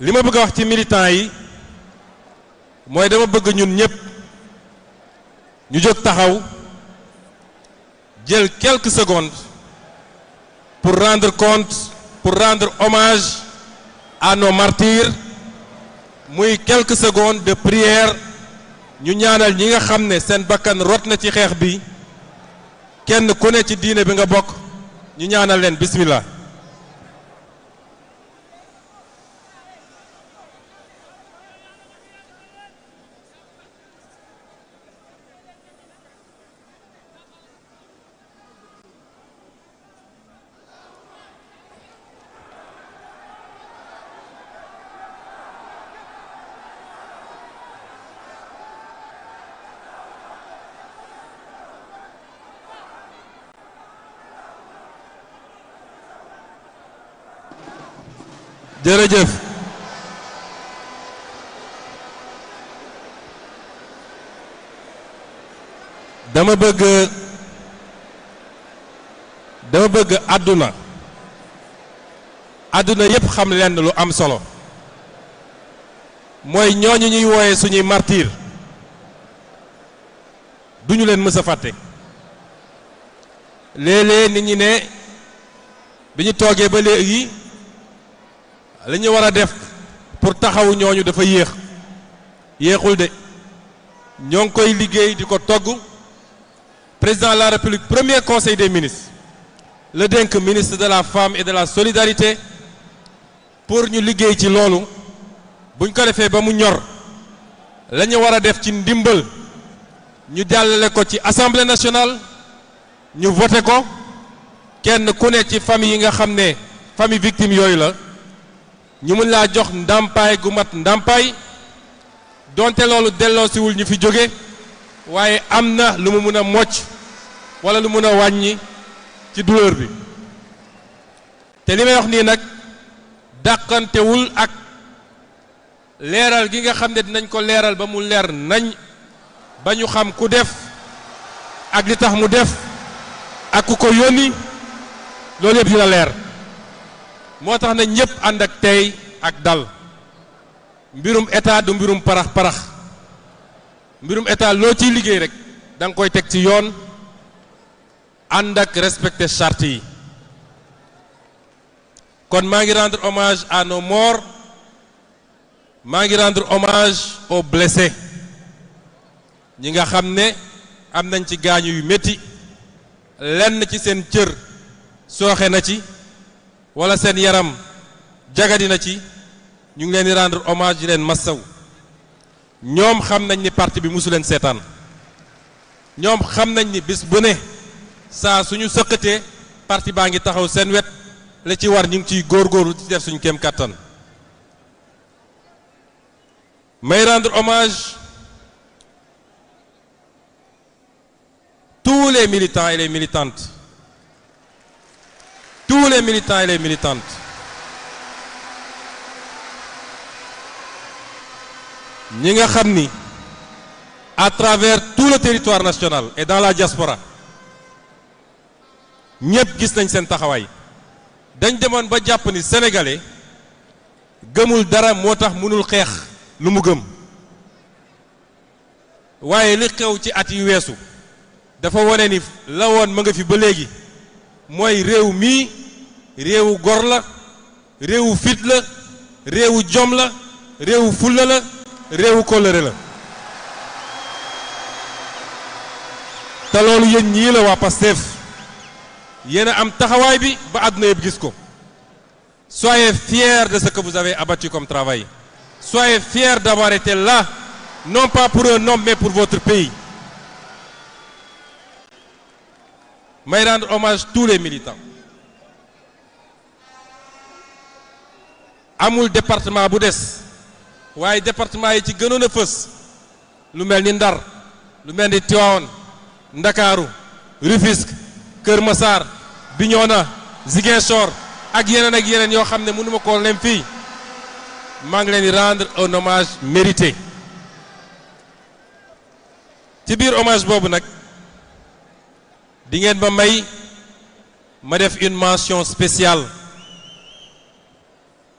lima bëgg wax ci militant yi moy dama bëgg ñun ñëpp ñu jox taxaw jël quelques secondes pour rendre compte pour rendre hommage à nos martyrs muy quelques secondes de prière ñu ñaanal ñi nga xam sen bakkan rot na ci xex bi kenn ku ne ci diine bi nga bok ñu ñaanal len bismillah jërëjëf dama bëgg dama bëgg àdduna àdduna yépp xam lenn lu am solo mooy ñooñu ñuy wooye suñuy martir duñu leen mës a fàtte léeg-léeg nit ñi ne bi ñu toogee ba léegi li ñu def pour taxawu ñooñu dafa yéex yéexul de ñoo koy liggéey di ko togg président de la république premier conseil des ministres le dénque ministre de la femme et de la solidarité pour ñu liggéey ci loolu buñ ko defee ba mu ñor la ñu def ci ndimbal ñu jàllale ko ci assemblée nationale ñu voté ko kenn ku ne ci famille yi nga xam ne victime yooyu la ñu mën laa jox ndàmpaay gu mat ndàmpaay donte loolu delloosiwul ñu fi jóge waaye am na lu mu mën a mocc wala lu mën a wàññi ci douleur bi te li may wax nii nag dàqantewul ak leeral gi nga xam ne dinañ ko leeral ba mu leer nañ ba ñu xam ku def ak li tax mu def ak ku ko yónni loolu yëpp dina leer motax na ñepp and ak tay ak dal mbirum état du mbirum parax parax mbirum état lo ci liggéey rek dang koy tek ci yoon and ak respecter charte yi kon ma ngi rendre hommage à nos morts ma ngi rendre hommage aux blessés ñi nga xamné am nañ ci gañu yu metti lenn ci sen cër soxé na ci wala sen yaram jagadi na ci ñu ngi leen di rendre hommage di leen massaw ñom xam nañ ni parti bi musu leen seetaan ñoom xam nañ ni bis bu ne sa suñu sekkete parti baangi taxaw sen wet la ci war ñu ci gor gor ci def suñu kem katan may rendre hommage tous les militants et les militantes les militants et les militantes. ñi nga à travers tout le territoire national et dans la diaspora ñëpp gis nañ seen taxawaay dañ demoon ba jàpp ni sénégalais gëmul dara moo tax mënul xeex lu mu gëm waaye li xew ci at yi weesu dafa woné ni lawone woon ma nga fi ba légui moy rew mi réewu gorla, la réewu fit la réewu jom la réewu fulla réewu la te loolu am ba àdduna yëpp gis soyez fiers de ce que vous avez abattu comme travail soyez fiers d'avoir été là non pas pour un homme mais pour votre pays may rendre hommage tous les militants amul département bu des waye département yi ci y a lu melni Ndar lu melni ni Tivaouane Ndakaaru Rufisque Massar Bignona Ziguinchor ak yenen ak yenen yo ne ko lem fi ma ngi rendre un hommage mérité ci hommage di may ma def une mention spéciale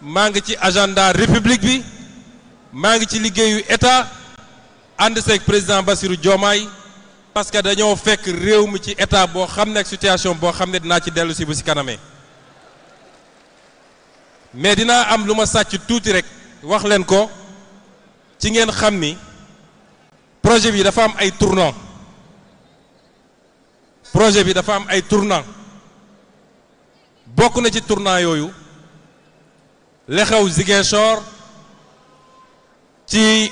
maa ngi ci agenda république bi maa ngi ci liggéeyu état ànd seeg président basiru Diomaye parce que dañoo fekk réew mi ci état boo xam ne ak situation boo xam ne dinaa ci dellu si bu si mais dinaa am lu ma sàcc tuuti rek wax leen ko ci ngeen xam ni projet bi dafa am ay tournant projet bi dafa am ay tournant bokk na ci tournant yooyu li xew Ziguinchor ci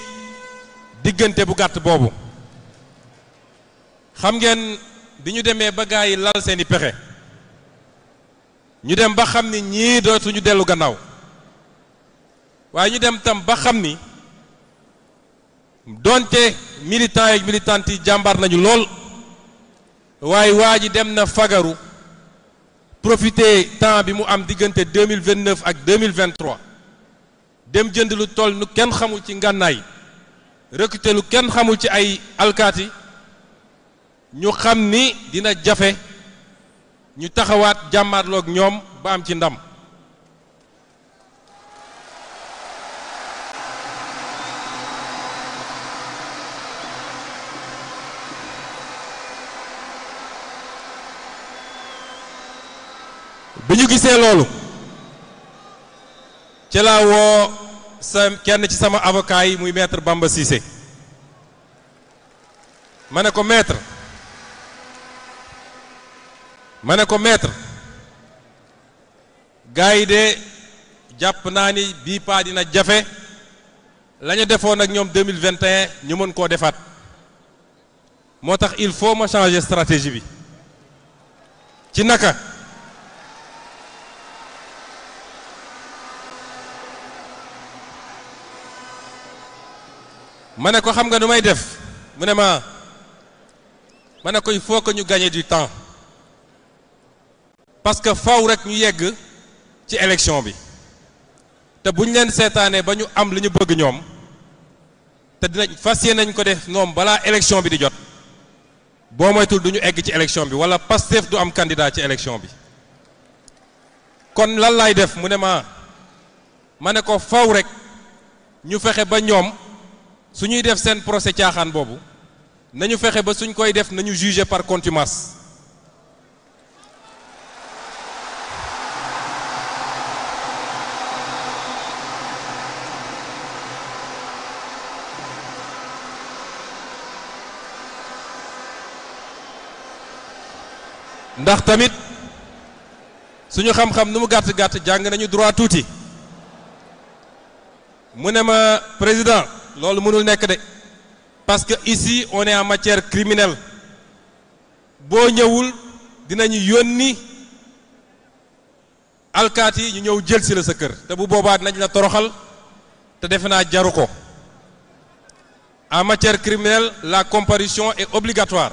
diggante bu gàtt boobu xam ngeen bi ñu demee ba gaa yi lal seeni pexe ñu dem ba xam ni ñii dootuñu dellu gannaaw waaye ñu dem tam ba xam ni donte militants yi militantes yi jàmbaar nañu lool waaye waa ji dem na fagaru profiter temps bi mu am diggante deux mille vingt neuf ak deux mille vingt dem jënd lu toll nu kenn xamul ci ngànnaay recruter lu kenn xamul ci ay alkaati ñu xam ni dina jafe ñu taxawaat jàmmaarloog ñoom ba am ci ndam bi ñu gisee loolu ci laa woo sa kenn ci sama avocat yi muy maître Bamba Cissé ma ne ko maître ma ne ko maître gars yi de jàpp naa ni bii paa dina jafe la defoon ak ñoom 2021 ñu mën koo defaat moo tax il faut ma changer stratégie bi ci naka ma ne ko xam nga nu may def mu ma ma ko il faut que ñu gagner du temps parce que faw rek ñu yegg ci élection bi te bu ñu leen seetaanee ba ñu am li ñu bëgg ñoom te dinañ fas nañ ko def ñoom balaa élection bi di jot boo moytul du ñu egg ci élection bi wala Pastef du am candidat ci élection bi kon lan laay def mu ne ma ma ne ko faw rek ñu fexe ba ñoom. suñuy def sen procès tiaxan bobu nañu fexé ba suñ koy def nañu juger par contumace ndax tamit suñu xam-xam numu gatt gatt jang nañu droit touti mu président loolu mënul nekk de parce que ici on est en matière criminelle boo ñëwul dinañu yónni alkaat yi ñu ñëw jël si la sa kër te bu boobaa dinañ la toroxal te defe naa jaru ko en matière criminelle la comparution est obligatoire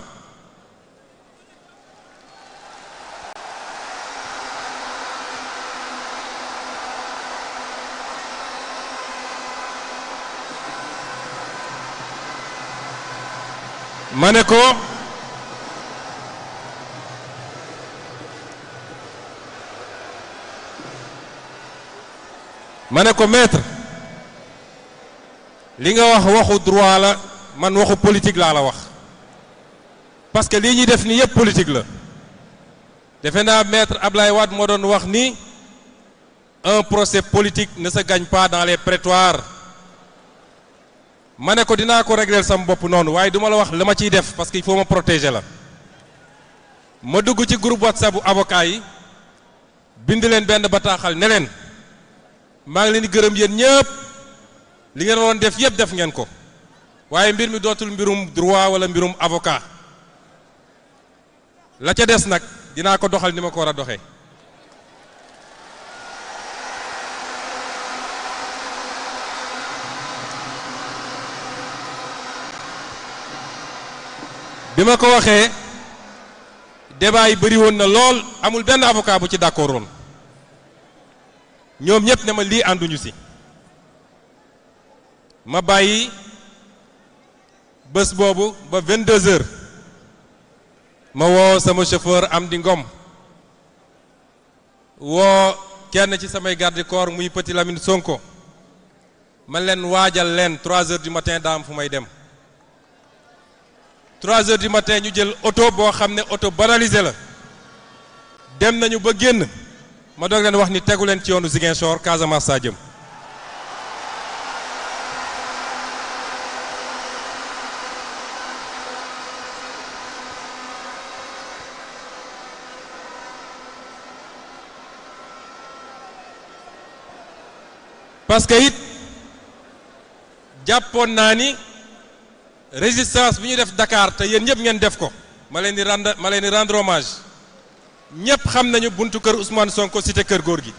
Je maître li nga wax waxu droit la man politique la parce que li ñi def ni politique la maître Ablaye un procès politique ne se gagne pas dans les prétoires mané ko dina ko régler sama bop non waaye duma la wax lama ciy def parce qu'il faut me protéger la ma dugg ci groupe whatsapp avocat yi bind len ben bataxal ne len ma ngi len di gërëm yéen li ngeen won def yeb def ngeen ko waye mbir mi dotul mbirum droit wala mbirum avocat la ca dess nak dina ko doxal nima ko wara doxé bi ma ko waxee débat yi bëri woon na lool amul benn avocat bu ci d'accord woon ñoom ñépp ne ma lii ànduñu si ma bàyyi bés boobu ba 22 heures ma woo sama chauffeur am di ngom woo kenn ci samay garde corps muy Petit Lamine Sonko man leen waajal leen trois heures du matin daam fu may dem 3 heures du matin ñu jël auto bo xamné auto banalisé la dem nañu ba génn ma dog leen wax ni téggu leen ci yoonu sor Casamance sa jëm parce que it japon na ni résistance bi ñu def Dakar te yeen ñep ngeen def ko ma leen di rendre ma leen di rendre hommage ñëpp xam nañu buntu kër Ousmane Sonko cité kër gor gi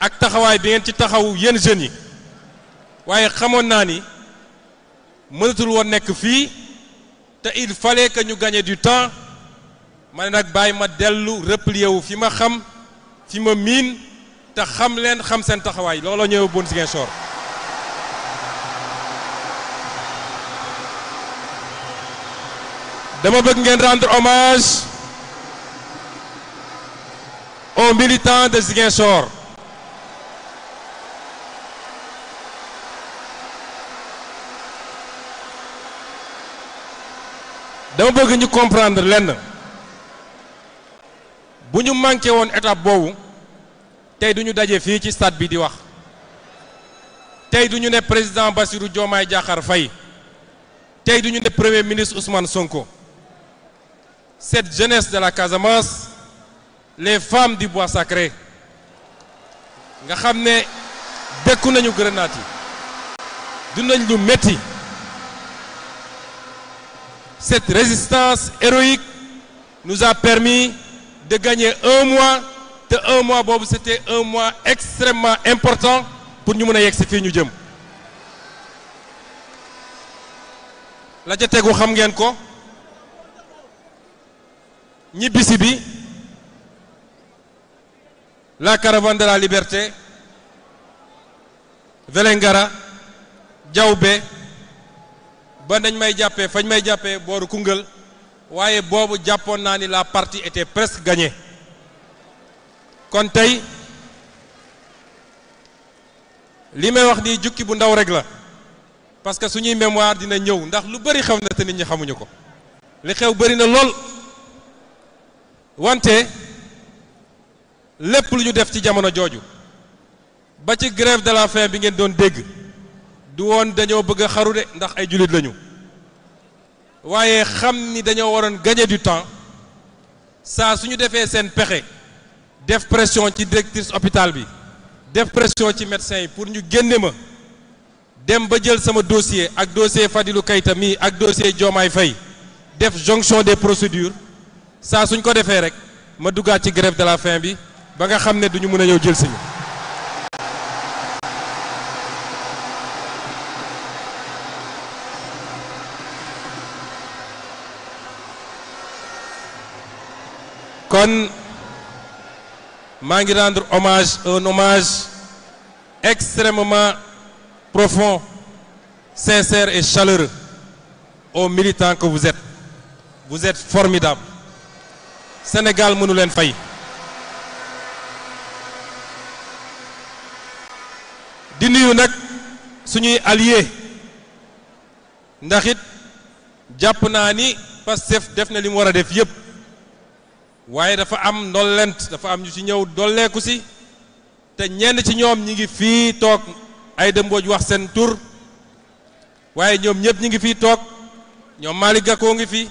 ak taxaway bi ngeen ci taxaw yeen jeune yi waye xamoon naa ni mënatul woon nekk fii te il fallait que ñu gagner du temps mané nak nag ma delu replier wu fi ma xam fi ma min te xam leen xam sen taxaway lolo ñëw bon Ziguinchor dama bëgg rendre hommage aux militants de Zigensor. dama bëgg ñu comprendre lenn bu ñu manqué woon étape boobu tey du ñu daje ci stade bi di wax tey du président Bassirou Diomaye Diakhar Faye tey du ñu premier ministre Ousmane Sonko cette jeunesse de la Casamance les femmes du bois sacré nous avons fait des grenades. cette résistance héroïque nous a permis de gagner un mois de un mois c'était un mois extrêmement important pour nous mën a la ñibbisi bi la caravane de la liberté Vélingara Diaoubé ba nañ may jàppee fañ may jàppee booru Koungheul waaye boobu jàppoon naa ni la partie était presque gañe kon tey li may wax di jukki bu ndaw rek la parce que suñuy mémoire dina ñëw ndax lu bari xew na te nit ñi xamuñu ko li xew bari na lool wante lépp lu ñu def ci jamono jooju ba ci grève de la faim bi ngeen doon dégg du woon dañoo bëgg a xaru de ndax ay julit lañu waaye xam ni dañoo waroon gagner du temps saa suñu ñu defee seen pexe def pression ci directrice hôpital bi def pression ci médecin yi pour ñu génne ma dem ba jël sama dossier ak dossier fadilu Keïta mii ak dossier Diomaye fay def jonction des procédures ça suñ ko défé rek ma duggaat ci grève de la faim bi ba nga xamné duñu mëna ñëw jël siñu kon ma ngi rendre hommage un hommage extrêmement profond sincère et chaleureux aux militants que vous êtes vous êtes formidables senegal mënu leen fay di nuyu nag suñuy alliés ndax it jàpp naa ni Pastef def na li mu war a def yépp waaye dafa am ndollent dafa am ñu ci ñëw dolleeku si te ñenn ci ñoom ñi ngi fii toog ay dëmbooj wax seen tur waaye ñoom ñëpp ñi ngi fii toog ñoom Malick Gakou ngi fi